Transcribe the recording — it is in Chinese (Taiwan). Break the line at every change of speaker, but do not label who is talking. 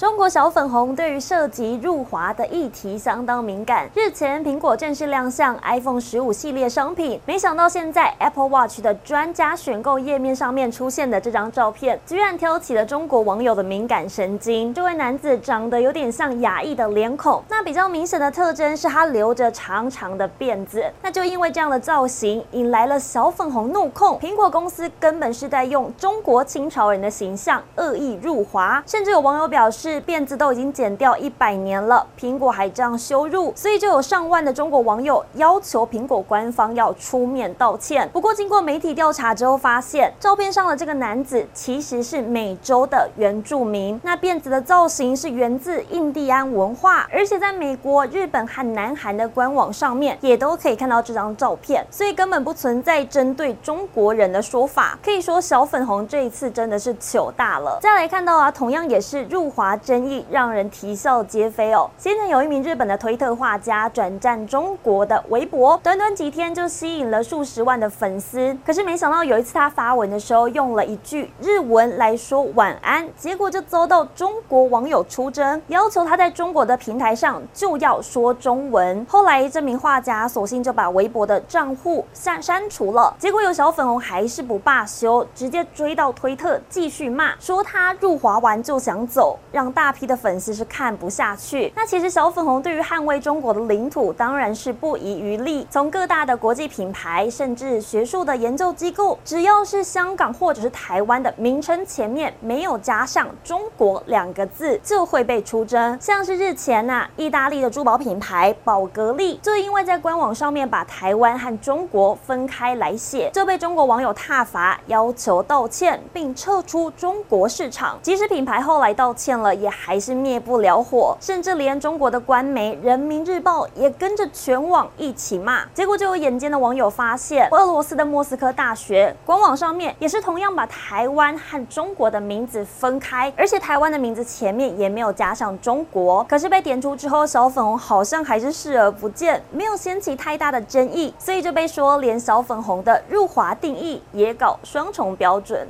中國小粉紅對於涉及辱華的議題相當敏感。日前，蘋果正式亮相 iPhone 十五系列商品，沒想到現在 Apple Watch 的專家選購頁面上面出現的這張照片，居然挑起了中國網友的敏感神經。這位男子長得有點像亞裔的臉孔，那比較明顯的特徵是他留着長長的辮子。那就因為這樣的造型，引來了小粉紅怒控，蘋果公司根本是在用中國清朝人的形象惡意辱華，甚至有網友表示，辮子都已經剪掉一百年了，蘋果還這樣羞辱，所以就有上萬的中國網友要求蘋果官方要出面道歉。不過經過媒體調查之後，發現照片上的這個男子其實是美洲的原住民，那辮子的造型是源自印第安文化，而且在美國、日本和南韓的官網上面也都可以看到這張照片，所以根本不存在針對中國人的說法。可以說小粉紅這一次真的是糗大了。再來看到啊，同樣也是入華。爭議讓人啼笑皆非哦。先前有一名日本的推特畫家轉戰中國的微博，短短幾天就吸引了數十萬的粉絲。可是沒想到有一次他發文的時候用了一句日文來說晚安，結果就遭到中國網友出征，要求他在中國的平台上就要說中文。後來這名畫家索性就把微博的賬戶刪刪除了。結果有小粉紅還是不罷休，直接追到推特繼續罵，說他入華完就想走，讓。大批的粉絲是看不下去。那其實小粉紅對於捍衛中國的領土當然是不遺餘力，從各大的國際品牌，甚至學術的研究機構，只要是香港或者是台灣的名稱前面沒有加上“中國”兩個字，就會被出征。像是日前吶，意大利的珠寶品牌寶格麗就因為在官網上面把台灣和中國分開來寫，就被中國網友撻伐，要求道歉並撤出中國市場。即使品牌後來道歉了。也還是滅不了火，甚至連中國的官媒《人民日報》也跟着全網一起罵。結果就有眼尖的網友發現，俄羅斯的莫斯科大學官網上面也是同樣把台灣和中國的名字分開，而且台灣的名字前面也沒有加上中國。可是被點出之後，小粉紅好像還是視而不見，沒有掀起太大的爭議，所以就被說連小粉紅的辱華定義也搞雙重標準。